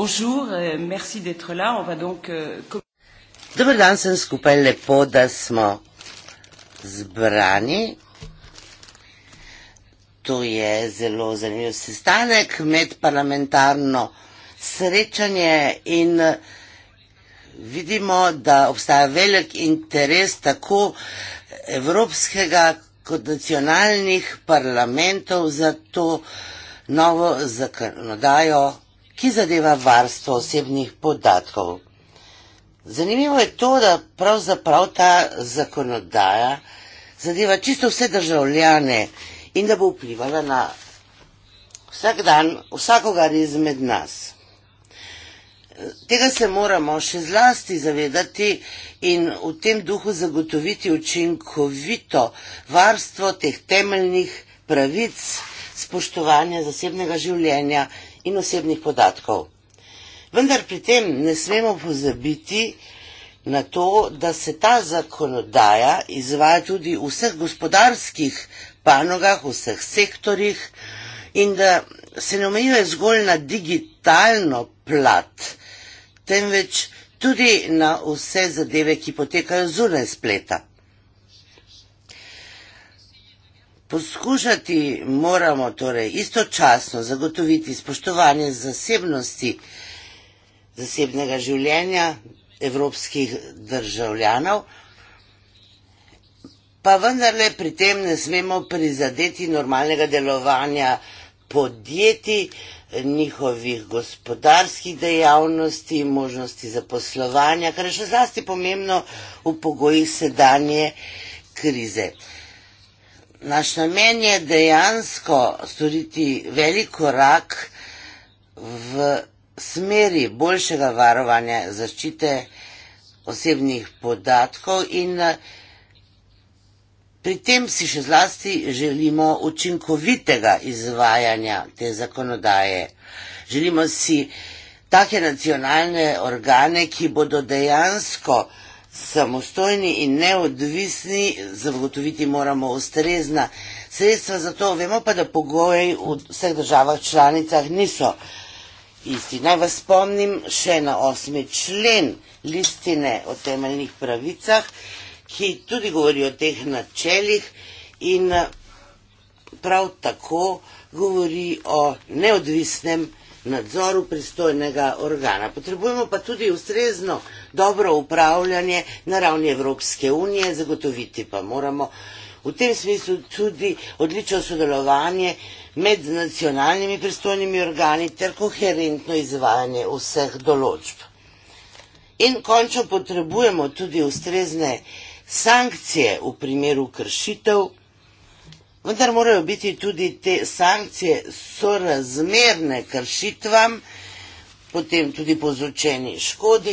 Euh, euh, Dobar dan sem skupaj, lepo, da smo zbrani. To je zelo zanimiv sestanek, medparlamentarno srečanje in eh, vidimo, da obstaja velik interes tako evropskega kot nacionalnih parlamentov za to novo zakonodajo ki zadeva varstvo osebnih podatkov. Zanimivo je to, da pravzaprav ta zakonodaja zadeva čisto vse državljane in da bo vplivala na vsak dan vsakogar izmed nas. Tega se moramo še zlasti zavedati in v tem duhu zagotoviti učinkovito varstvo teh temeljnih pravic spoštovanja zasebnega življenja in osebnih podatkov. Vendar pri tem ne smemo pozabiti na to, da se ta zakonodaja izvaja tudi v vseh gospodarskih panogah, v vseh sektorjih in da se ne omejuje zgolj na digitalno plat, temveč tudi na vse zadeve, ki potekajo zunaj spleta. Poskušati moramo torej istočasno zagotoviti spoštovanje zasebnosti zasebnega življenja evropskih državljanov, pa vendarle pri tem ne smemo prizadeti normalnega delovanja podjetij, njihovih gospodarskih dejavnosti, možnosti zaposlovanja, kar je še zlasti pomembno v pogojih sedanje krize. Naš namen je dejansko storiti velik korak v smeri boljšega varovanja zaščite osebnih podatkov in eh, pri tem si še zlasti želimo učinkovitega izvajanja te zakonodaje. Želimo si take nacionalne organe, ki bodo dejansko samostojni in neodvisni, zagotoviti moramo ustrezna sredstva za to. Vemo pa, da pogoji v vseh državah članicah niso isti. Naj vas spomnim še na osmi člen listine o temeljnih pravicah, ki tudi govori o teh načeljih in prav tako govori o neodvisnem pravicu nadzoru pristojnega organa. Potrebujemo pa tudi ustrezno dobro upravljanje na ravni Evropske unije, zagotoviti pa moramo v tem smislu tudi odlično sodelovanje med nacionalnimi pristojnimi organi ter koherentno izvajanje vseh določb. In končno potrebujemo tudi ustrezne sankcije v primeru kršitev vendar morajo biti tudi te sankcije sorazmerne kršitvam, potem tudi povzročeni škodi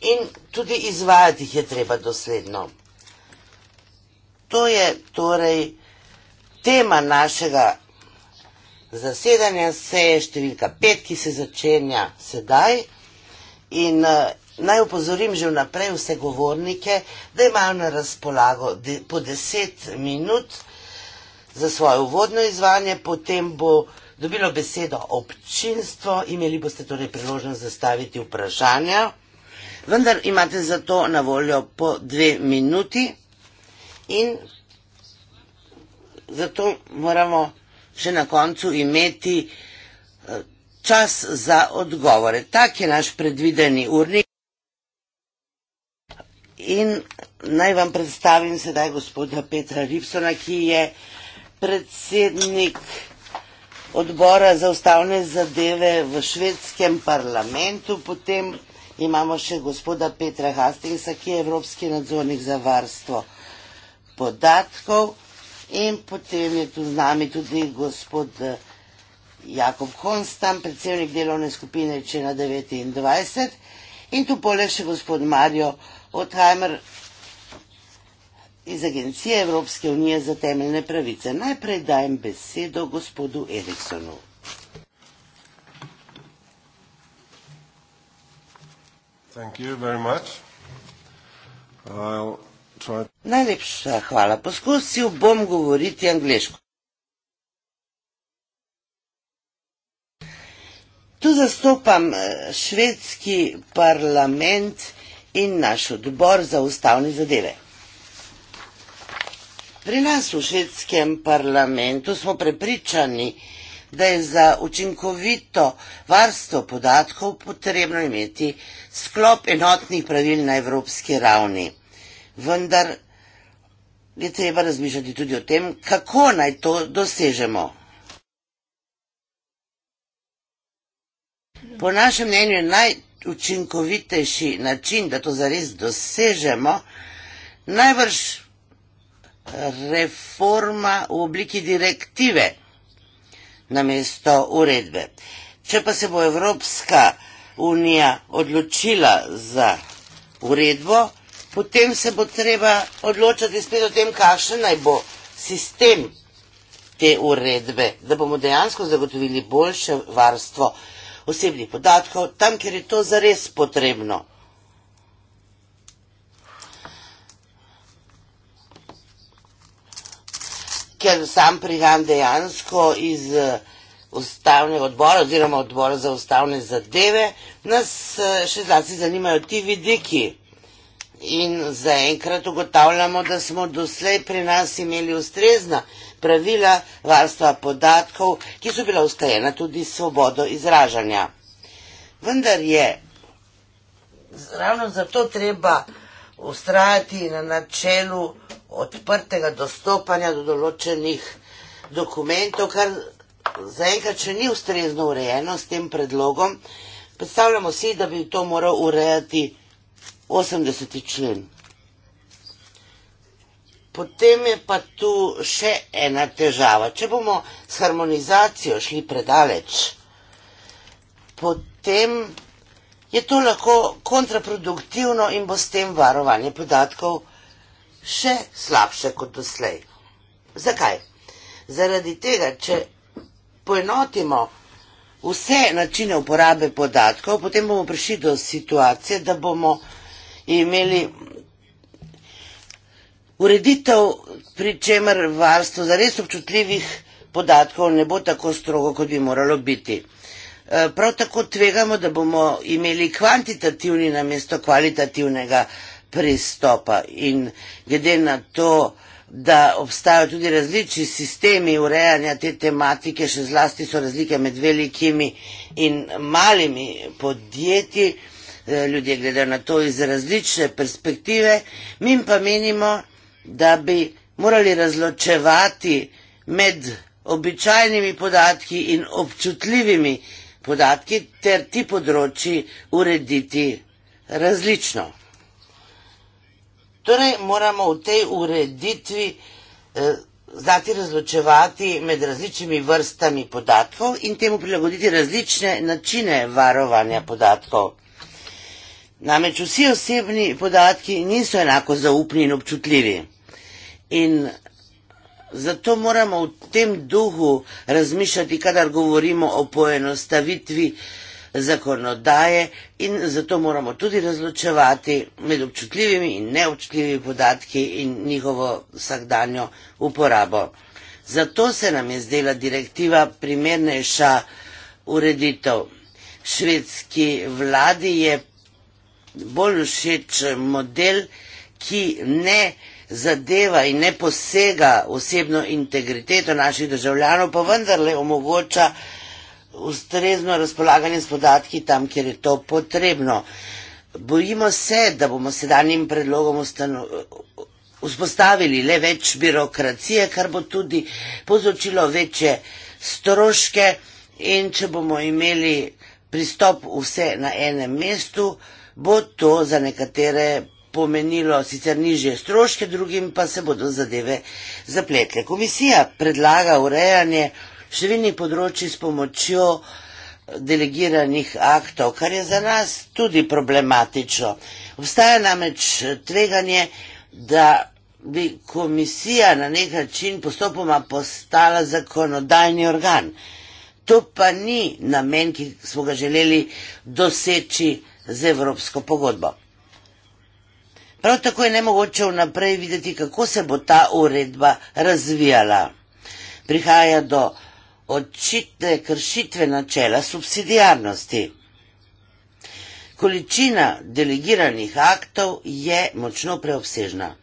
in tudi izvajati jih je treba dosledno. To je torej tema našega zasedanja seje številka 5, ki se začenja sedaj in eh, Naj upozorim že vnaprej vse govornike, da imajo na razpolago de, po deset minut za svoje uvodno izvanje, potem bo dobilo besedo občinstvo, imeli boste torej priložnost zastaviti vprašanja, vendar imate za to na voljo po dve minuti in zato moramo še na koncu imeti eh, čas za odgovore. Tak je naš predvideni urnik. In naj vam predstavim sedaj gospoda Petra Ripsona, ki je predsednik odbora za ustavne zadeve v švedskem parlamentu, potem imamo še gospoda Petra Hastingsa, ki je evropski nadzornik za varstvo podatkov in potem je tu z nami tudi gospod eh, Jakob Honstam, predsednik delovne skupine Čena 29 in tu pole še gospod Mario Otheimer, iz Agencije Evropske unije za temeljne pravice. Najprej dajem besedo gospodu Eriksonu. Thank you very much. I'll try... Najlepša hvala. Poskusil bom govoriti angliško. Tu zastopam eh, švedski parlament in naš odbor za ustavne zadeve. Pri nas v švedskem parlamentu smo prepričani, da je za učinkovito varstvo podatkov potrebno imeti sklop enotnih pravil na evropski ravni. Vendar je treba razmišljati tudi o tem, kako naj to dosežemo. Po našem mnenju je najučinkovitejši način, da to zares dosežemo, najvrš reforma v obliki direktive namesto uredbe. Če pa se bo Evropska unija odločila za uredbo, potem se bo treba odločati spet o tem, kakšen naj bo sistem te uredbe, da bomo dejansko zagotovili boljše varstvo osebnih podatkov, tam, kjer je to zares potrebno. ker sam prihajam dejansko iz eh, ustavnega odbora oziroma odbora za ustavne zadeve, nas eh, še zlasti zanimajo ti vidiki. In zaenkrat ugotavljamo, da smo doslej pri nas imeli ustrezna pravila varstva podatkov, ki so bila ustajena tudi s svobodo izražanja. Vendar je ravno zato treba ustrajati na načelu odprtega dostopanja do določenih dokumentov, kar zaenkrat še ni ustrezno urejeno s tem predlogom. Predstavljamo si, da bi to moral urejati 80. člen. Potem je pa tu še ena težava. Če bomo s harmonizacijo šli predaleč, potem je to lahko kontraproduktivno in bo s tem varovanje podatkov še slabše kot doslej. Zakaj? Zaradi tega, če poenotimo vse načine uporabe podatkov, potem bomo prišli do situacije, da bomo imeli ureditev, pri čemer varstvo zares občutljivih podatkov ne bo tako strogo, kot bi moralo biti. E, prav tako tvegamo, da bomo imeli kvantitativni namesto kvalitativnega pristopa in glede na to, da obstajajo tudi različni sistemi urejanja te tematike, še zlasti so razlike med velikimi in malimi podjetji, eh, ljudje gledajo na to iz različne perspektive, mi pa menimo, da bi morali razločevati med običajnimi podatki in občutljivimi podatki ter ti področji urediti različno. Torej, moramo v tej ureditvi eh, znati razločevati med različnimi vrstami podatkov in temu prilagoditi različne načine varovanja podatkov. Namreč vsi osebni podatki niso enako zaupni in občutljivi. In zato moramo v tem duhu razmišljati, kadar govorimo o poenostavitvi eh, zakonodaje in zato moramo tudi razločevati med občutljivimi in neobčutljivimi podatki in njihovo vsakdanjo uporabo. Zato se nam je zdela direktiva primernejša ureditev. Švedski vladi je bolj všeč model, ki ne zadeva in ne posega osebno integriteto naših državljanov, pa vendarle omogoča ustrezno razpolaganje s podatki tam, kjer je to potrebno. Bojimo se, da bomo sedanjim predlogom ustano, vzpostavili le več birokracije, kar bo tudi povzročilo večje stroške in če bomo imeli pristop vse na enem mestu, bo to za nekatere pomenilo sicer nižje stroške, drugim pa se bodo zadeve zapletle. Komisija predlaga urejanje številnih področji s pomočjo delegiranih aktov, kar je za nas tudi problematično. Obstaja namreč tveganje, da bi komisija na nek način postopoma postala zakonodajni organ. To pa ni namen, ki smo ga želeli doseči z Evropsko pogodbo. Prav tako je nemogoče vnaprej videti, kako se bo ta uredba razvijala. Prihaja do očitne kršitve načela subsidijarnosti. Količina delegiranih aktov je močno preobsežna.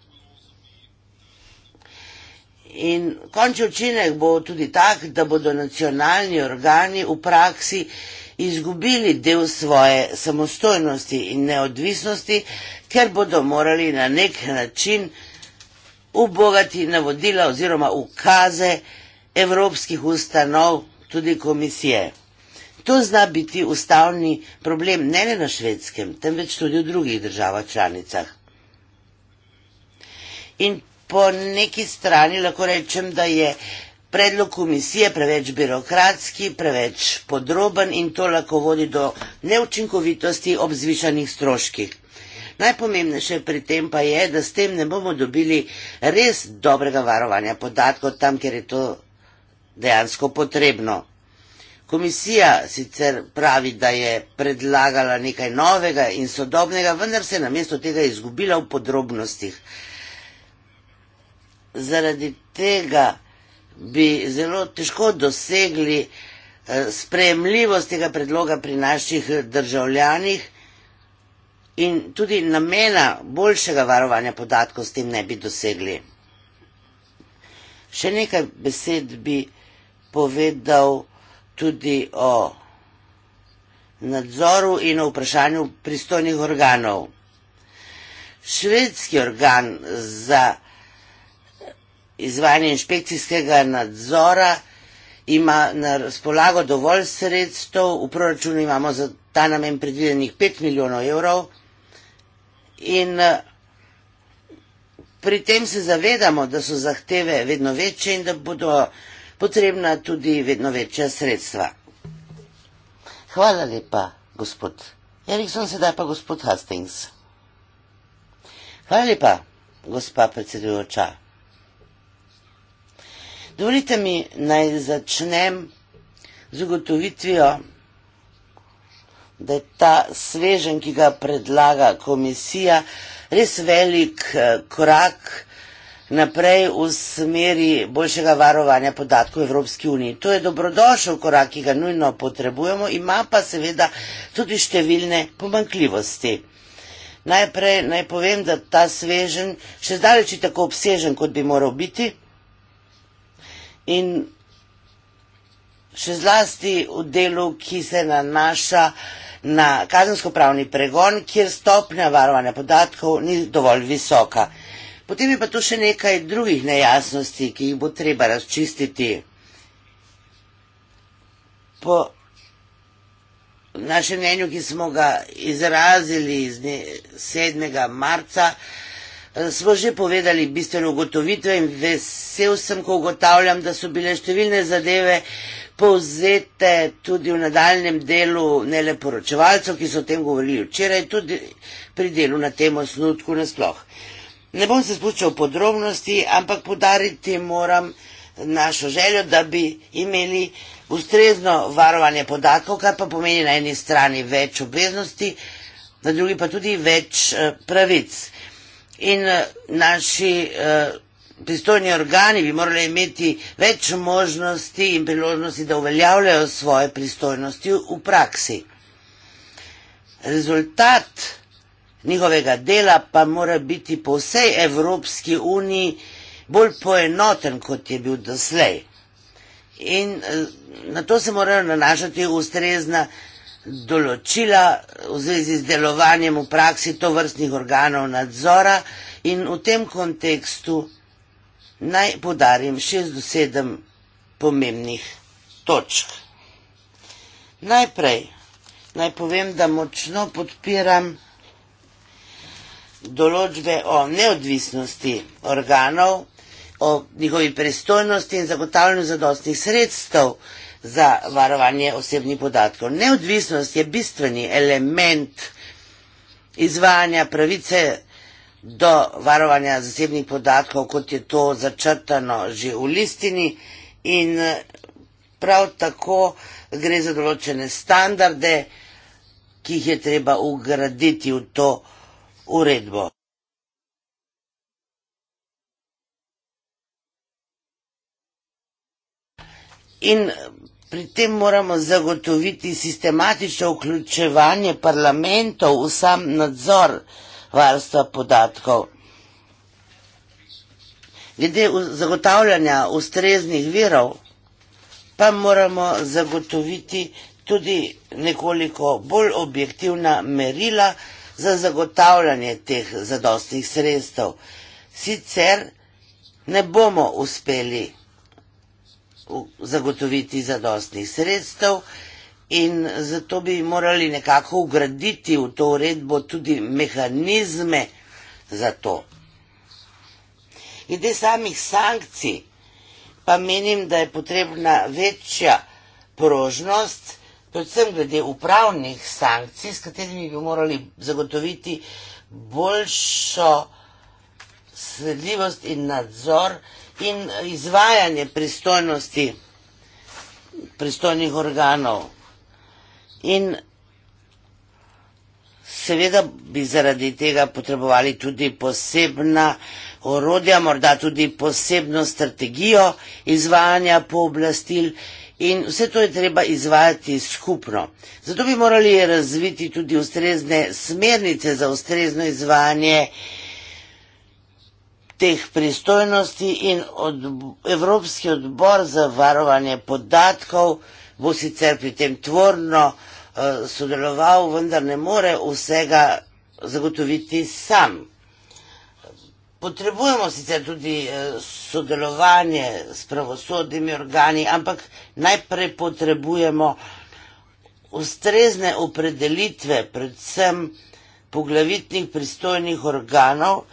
In končni učinek bo tudi tak, da bodo nacionalni organi v praksi izgubili del svoje samostojnosti in neodvisnosti, ker bodo morali na nek način ubogati navodila oziroma ukaze, ki evropskih ustanov, tudi komisije. To zna biti ustavni problem ne le na švedskem, temveč tudi v drugih državah članicah. In po neki strani lahko rečem, da je predlog komisije preveč birokratski, preveč podroben in to lahko vodi do neučinkovitosti ob zvišanih stroških. Najpomembnejše pri tem pa je, da s tem ne bomo dobili res dobrega varovanja podatkov tam, kjer je to dejansko potrebno. Komisija sicer pravi, da je predlagala nekaj novega in sodobnega, vendar se je na mesto tega izgubila v podrobnostih. Zaradi tega bi zelo težko dosegli eh, sprejemljivost tega predloga pri naših državljanih in tudi namena boljšega varovanja podatkov s tem ne bi dosegli. Še nekaj besed bi povedal tudi o nadzoru in o vprašanju pristojnih organov. Švedski organ za izvajanje inšpekcijskega nadzora ima na razpolago dovolj sredstev, v proračunu imamo za ta namen predvidenih 5 milijonov evrov in eh, pri tem se zavedamo, da so zahteve vedno večje in da bodo potrebna tudi vedno večja sredstva. Hvala lepa, gospod Erikson, sedaj pa gospod Hastings. Hvala lepa, gospa predsedujoča. Dovolite mi, naj začnem z ugotovitvijo, da je ta svežen, ki ga predlaga komisija, res velik eh, korak, ki naprej v smeri boljšega varovanja podatkov Evropski uniji. To je dobrodošel korak, ki ga nujno potrebujemo, ima pa seveda tudi številne pomankljivosti. Najprej naj povem, da ta svežen še zdaleč je tako obsežen, kot bi moral biti in še zlasti v delu, ki se nanaša na kazensko-pravni pregon, kjer stopnja varovanja podatkov ni dovolj visoka. Potem je pa tu še nekaj drugih nejasnosti, ki jih bo treba razčistiti. Po našem mnenju, ki smo ga izrazili 7. marca, eh, smo že povedali bistveno ugotovitve in vesel sem, ko ugotavljam, da so bile številne zadeve povzete tudi v nadaljem delu ne le poročevalcev, ki so o tem govorili včeraj, tudi pri delu na tem osnutku nasploh. Ne bom se spuščal v podrobnosti, ampak podariti moram našo željo, da bi imeli ustrezno varovanje podatkov, kar pa pomeni na eni strani več obveznosti, na drugi pa tudi več eh, pravic. In eh, naši eh, pristojni organi bi morali imeti več možnosti in priložnosti, da uveljavljajo svoje pristojnosti v praksi. Rezultat njihovega dela pa mora biti po vsej Evropski uniji bolj poenoten, kot je bil doslej. In eh, na to se morajo nanašati ustrezna določila v zvezi z delovanjem v praksi to vrstnih organov nadzora in v tem kontekstu naj podarim šest do sedem pomembnih točk. Najprej naj povem, da močno podpiram določbe o neodvisnosti organov, o njihovi pristojnosti in zagotavljanju zadostnih sredstev za varovanje osebnih podatkov. Neodvisnost je bistveni element izvajanja pravice do varovanja zasebnih podatkov, kot je to začrtano že v listini in eh, prav tako gre za določene standarde, ki jih je treba ugraditi v to uredbo. In pri tem moramo zagotoviti sistematično vključevanje parlamentov v sam nadzor varstva podatkov. Glede zagotavljanja ustreznih virov, pa moramo zagotoviti tudi nekoliko bolj objektivna merila, za zagotavljanje teh zadostnih sredstev. Sicer ne bomo uspeli zagotoviti zadostnih sredstev in zato bi morali nekako ugraditi v to uredbo tudi mehanizme za to. Ide samih sankcij, pa menim, da je potrebna večja prožnost, predvsem glede upravnih sankcij, s katerimi bi morali zagotoviti boljšo sledljivost in nadzor in izvajanje pristojnosti pristojnih organov. In seveda bi zaradi tega potrebovali tudi posebna orodja, morda tudi posebno strategijo izvajanja pooblastil in vse to je treba izvajati skupno. Zato bi morali razviti tudi ustrezne smernice za ustrezno izvajanje teh pristojnosti in od, Evropski odbor za varovanje podatkov bo sicer pri tem tvorno uh, sodeloval, vendar ne more vsega zagotoviti sam. Potrebujemo sicer tudi eh, sodelovanje s pravosodnimi organi, ampak najprej potrebujemo ustrezne opredelitve, predvsem poglavitnih pristojnih organov,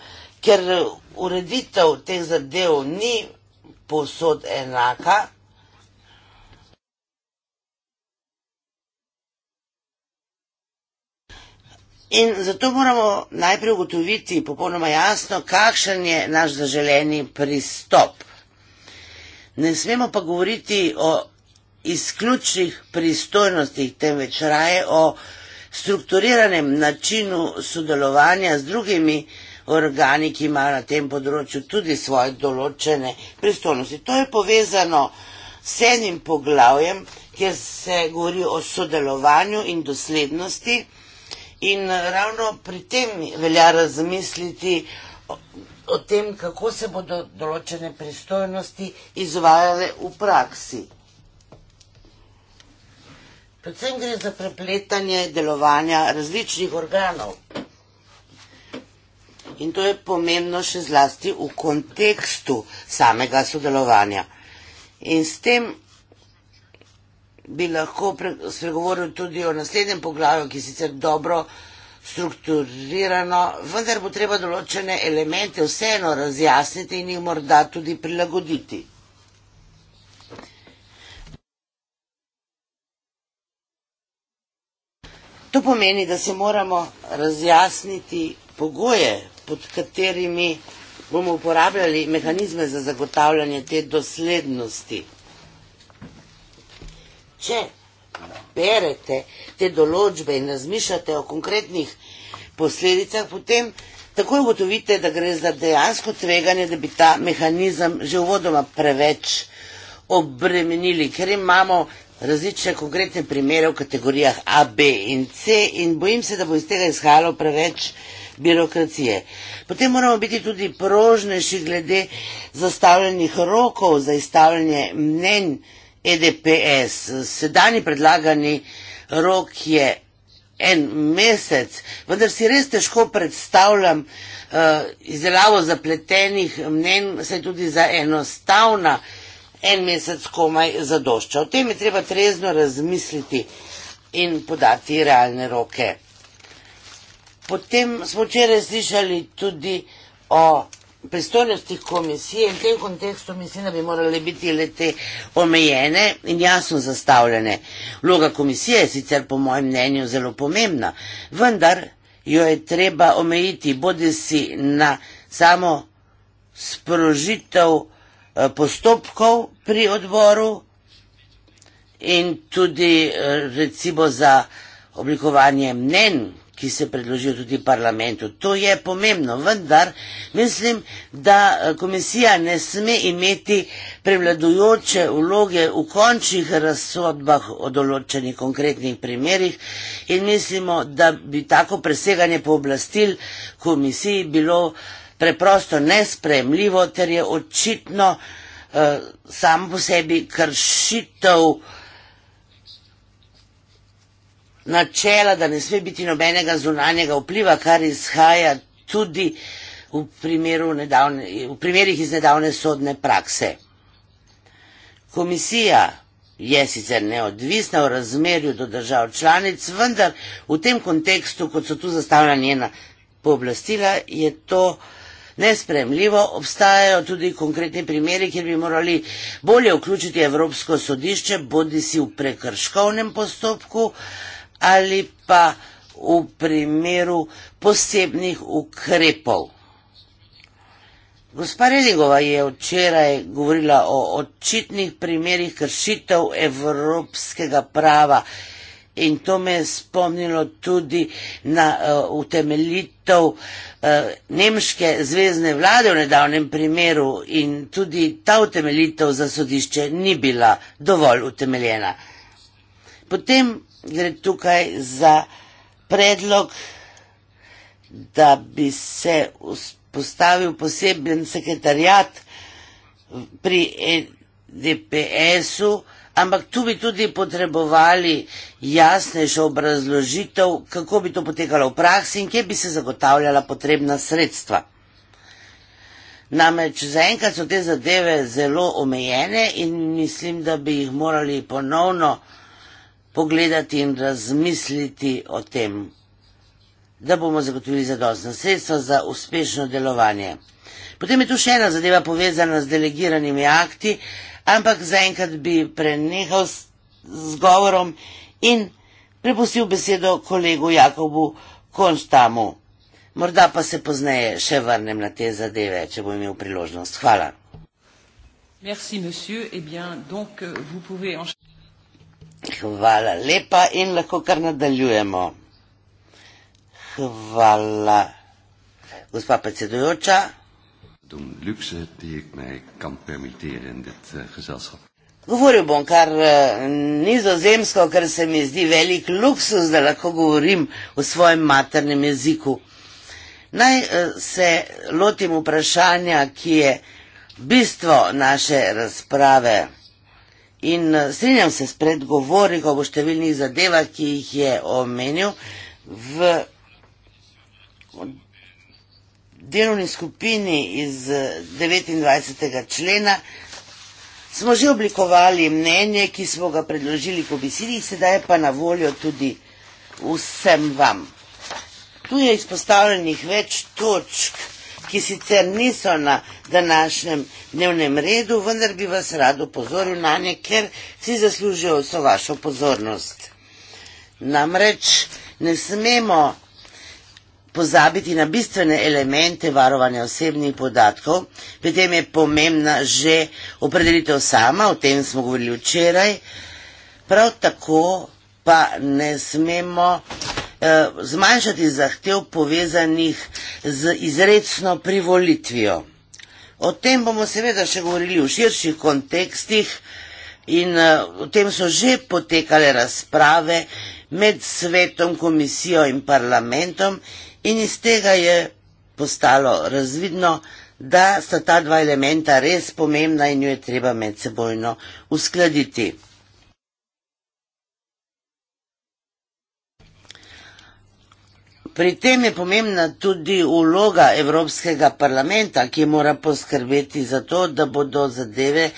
ker ureditev teh zadev ni posod enaka. In zato moramo najprej ugotoviti popolnoma jasno, kakšen je naš zaželeni pristop. Ne smemo pa govoriti o izključnih pristojnostih, temveč raje o strukturiranem načinu sodelovanja z drugimi organi, ki imajo na tem področju tudi svoje določene pristojnosti. To je povezano s enim poglavjem, kjer se govori o sodelovanju in doslednosti, In eh, ravno pri tem velja razmisliti o, o tem, kako se bodo določene pristojnosti izvajale v praksi. Predvsem gre za prepletanje delovanja različnih organov. In to je pomembno še zlasti v kontekstu samega sodelovanja. In s tem bi lahko spregovoril tudi o naslednjem poglavju, ki je sicer dobro strukturirano, vendar bo treba določene elemente vseeno razjasniti in jih morda tudi prilagoditi. To pomeni, da se moramo razjasniti pogoje, pod katerimi bomo uporabljali mehanizme za zagotavljanje te doslednosti če berete te določbe in razmišljate o konkretnih posledicah, potem takoj ugotovite, da gre za dejansko tveganje, da bi ta mehanizem že uvodoma preveč obremenili, ker imamo različne konkretne primere v kategorijah A, B in C in bojim se, da bo iz tega izhajalo preveč birokracije. Potem moramo biti tudi prožnejši glede zastavljenih rokov za izstavljanje mnenj EDPS. Sedajni predlagani rok je en mesec, vendar si res težko predstavljam uh, izdelavo zapletenih mnen, se tudi za enostavna en mesec komaj zadošča. O tem je treba trezno razmisliti in podati realne roke. Potem smo včeraj slišali tudi o pristojnosti komisije in v tem kontekstu mislim, da bi morale biti le te omejene in jasno zastavljene. Vloga komisije je sicer po mojem mnenju zelo pomembna, vendar jo je treba omejiti bodi si na samo sprožitev eh, postopkov pri odboru in tudi eh, recimo za oblikovanje mnen ki se je predložil tudi parlamentu. To je pomembno, vendar mislim, da eh, komisija ne sme imeti prevladujoče vloge v končnih razsodbah o določenih konkretnih primerjih in mislimo, da bi tako preseganje pooblastil komisiji bilo preprosto nespremljivo, ter je očitno eh, samo po sebi kršitev načela, da ne sme biti nobenega zunanjega vpliva, kar izhaja tudi v, nedavne, v primerih iz nedavne sodne prakse. Komisija je sicer neodvisna v razmerju do držav članic, vendar v tem kontekstu, kot so tu zastavljena njena pooblastila, je to nespremljivo. Obstajajo tudi konkretni primeri, kjer bi morali bolje vključiti Evropsko sodišče, bodi si v prekrškovnem postopku, ali pa v primeru posebnih ukrepov. Gospa Religova je včeraj govorila o očitnih primerih kršitev evropskega prava in to me je spomnilo tudi na uh, utemeljitev uh, Nemške zvezdne vlade v nedavnem primeru in tudi ta utemeljitev za sodišče ni bila dovolj utemeljena. Potem gre tukaj za predlog, da bi se postavil poseben sekretarjat pri e DPS-u, ampak tu bi tudi potrebovali jasnejšo obrazložitev, kako bi to potekalo v praksi in kje bi se zagotavljala potrebna sredstva. Namreč zaenkrat so te zadeve zelo omejene in mislim, da bi jih morali ponovno uh, pogledati in razmisliti o tem, da bomo zagotovili zadostna sredstva za uspešno delovanje. Potem je tu še ena zadeva povezana z delegiranimi akti, ampak zaenkrat bi prenehal s, s govorom in prepustil besedo kolegu Jakobu Konstamu. Morda pa se pozneje še vrnem na te zadeve, če bom imel priložnost. Hvala. Merci, monsieur. Eh bien, donc, euh, vous pouvez enchaîner. Hvala lepa in lahko kar nadaljujemo. Hvala. Gospa predsedujoča. Dom luxe, ki jih mi kan permitirati v dit eh, gezelschap. Govoril bom kar eh, nizozemsko, ker se mi zdi velik luksus, da lahko govorim v svojem maternem jeziku. Naj eh, se lotim vprašanja, ki je bistvo naše razprave. In eh, strinjam se s predgovornikom o številnih zadevah, ki jih je omenil. V delovni skupini iz 29. Eh, člena smo že oblikovali mnenje, ki smo ga predložili komisiji, sedaj je pa na voljo tudi vsem vam. Tu je izpostavljenih več točk ki sicer niso na današnjem dnevnem redu, vendar bi vas rado pozoril na ne, ker si zaslužijo vso vašo pozornost. Namreč ne smemo pozabiti na bistvene elemente varovanja osebnih podatkov, pri tem je pomembna že opredelitev sama, o tem smo govorili včeraj, prav tako pa ne smemo Eh, zmanjšati zahtev povezanih z izredno privolitvijo. O tem bomo seveda še govorili v širših kontekstih in eh, o tem so že potekale razprave med svetom, komisijo in parlamentom in iz tega je postalo razvidno, da sta ta dva elementa res pomembna in jo je treba medsebojno uskladiti. Pri tem je pomembna tudi vloga Evropskega parlamenta, ki mora poskrbeti za to, da bodo zadeve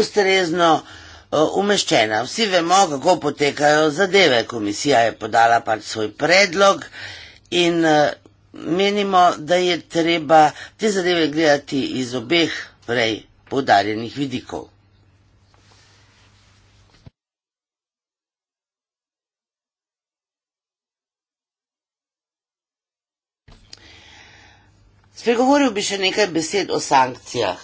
ustrezno eh, umeščene. Vsi vemo, kako potekajo zadeve. Komisija je podala pač svoj predlog in eh, menimo, da je treba te zadeve gledati iz obeh prej podarjenih vidikov. Spregovoril bi še nekaj besed o sankcijah.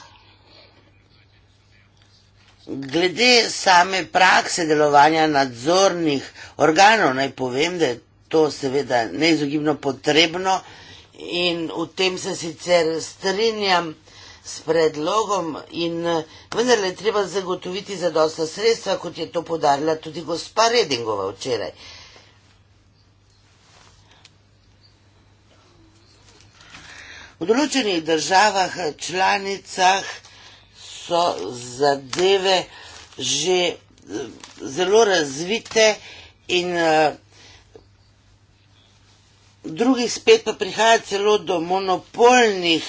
Glede same prakse delovanja nadzornih organov, naj povem, da je to seveda neizogibno potrebno in v tem se sicer strinjam s predlogom in vendar le treba zagotoviti zadosta sredstva, kot je to podarila tudi gospa Redingova včeraj. V določenih državah, članicah so zadeve že eh, zelo razvite in eh, drugih spet pa prihaja celo do monopolnih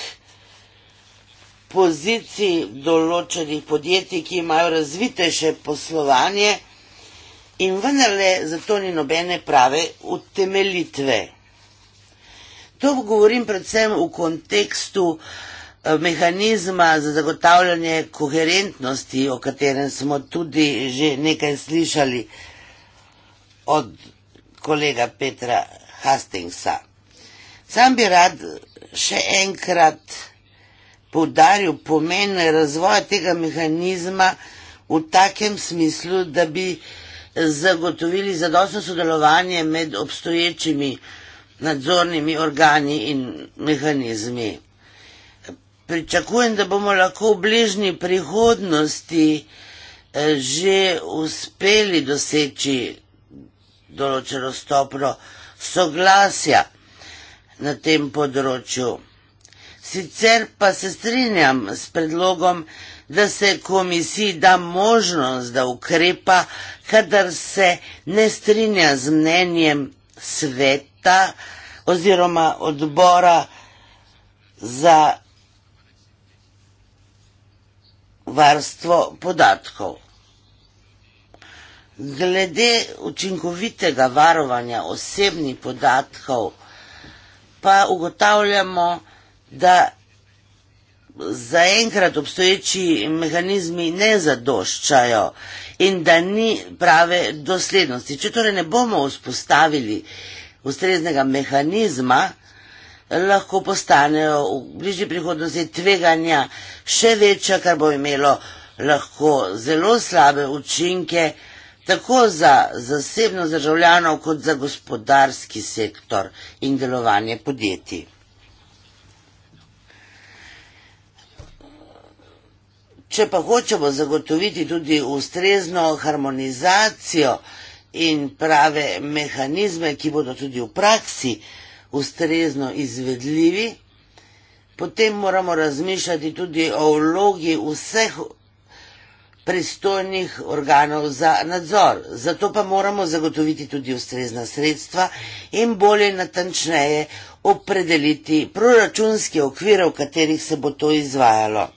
pozicij določenih podjetij, ki imajo razvitejše poslovanje in vendarle zato ni nobene prave utemelitve. To govorim predvsem v kontekstu eh, mehanizma za zagotavljanje koherentnosti, o katerem smo tudi že nekaj slišali od kolega Petra Hastingsa. Sam bi rad še enkrat poudaril pomen razvoja tega mehanizma v takem smislu, da bi zagotovili zadostno sodelovanje med obstoječimi nadzornimi organi in mehanizmi. Pričakujem, da bomo lahko v bližnji prihodnosti eh, že uspeli doseči določeno stopno soglasja na tem področju. Sicer pa se strinjam s predlogom, da se komisiji da možnost, da ukrepa, kadar se ne strinja z mnenjem sveta oziroma odbora za varstvo podatkov. Glede učinkovitega varovanja osebnih podatkov pa ugotavljamo, da zaenkrat obstoječi mehanizmi ne zadoščajo in da ni prave doslednosti. Če torej ne bomo vzpostavili ustreznega mehanizma, lahko postanejo v bližnji prihodnosti tveganja še večja, kar bo imelo lahko zelo slabe učinke tako za zasebno državljanov kot za gospodarski sektor in delovanje podjetij. Če pa hočemo zagotoviti tudi ustrezno harmonizacijo in prave mehanizme, ki bodo tudi v praksi ustrezno izvedljivi, potem moramo razmišljati tudi o vlogi vseh pristojnih organov za nadzor. Zato pa moramo zagotoviti tudi ustrezna sredstva in bolje natančneje opredeliti proračunske okvire, v katerih se bo to izvajalo.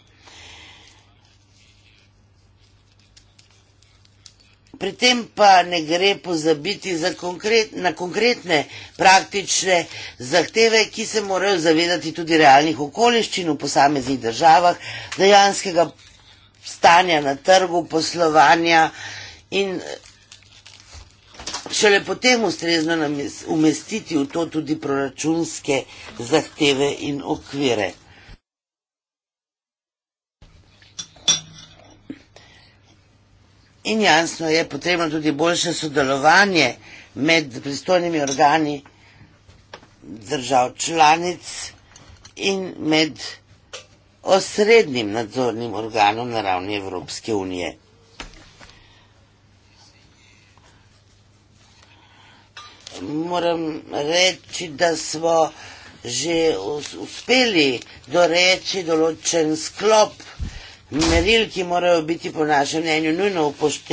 pri tem pa ne gre pozabiti za konkret, na konkretne praktične zahteve, ki se morajo zavedati tudi realnih okoliščin v posameznih državah, dejanskega stanja na trgu, poslovanja in šele potem ustrezno umestiti v to tudi proračunske zahteve in okvire. in jasno je potrebno tudi boljše sodelovanje med pristojnimi organi držav članic in med osrednjim nadzornim organom na ravni Evropske unije. Moram reči, da smo že uspeli doreči določen sklop Meril, ki morajo biti po našem mnenju nujno upošteni,